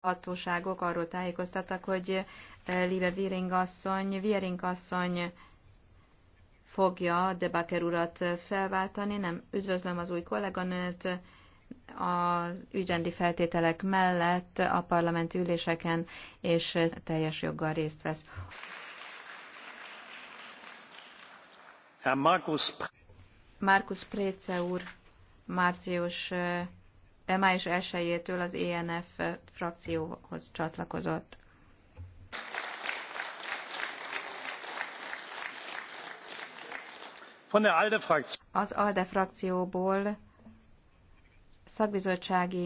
hatóságok arról tájékoztattak, hogy eh, Liebe Viering asszony, Viering asszony fogja Debaker urat eh, felváltani. Nem, üdvözlöm az új kolléganőt. Az ügyrendi feltételek mellett a parlament üléseken és eh, teljes joggal részt vesz. Markus Préce úr március E május 1-től az ENF frakcióhoz csatlakozott. Az ALDE frakcióból szakbizottsági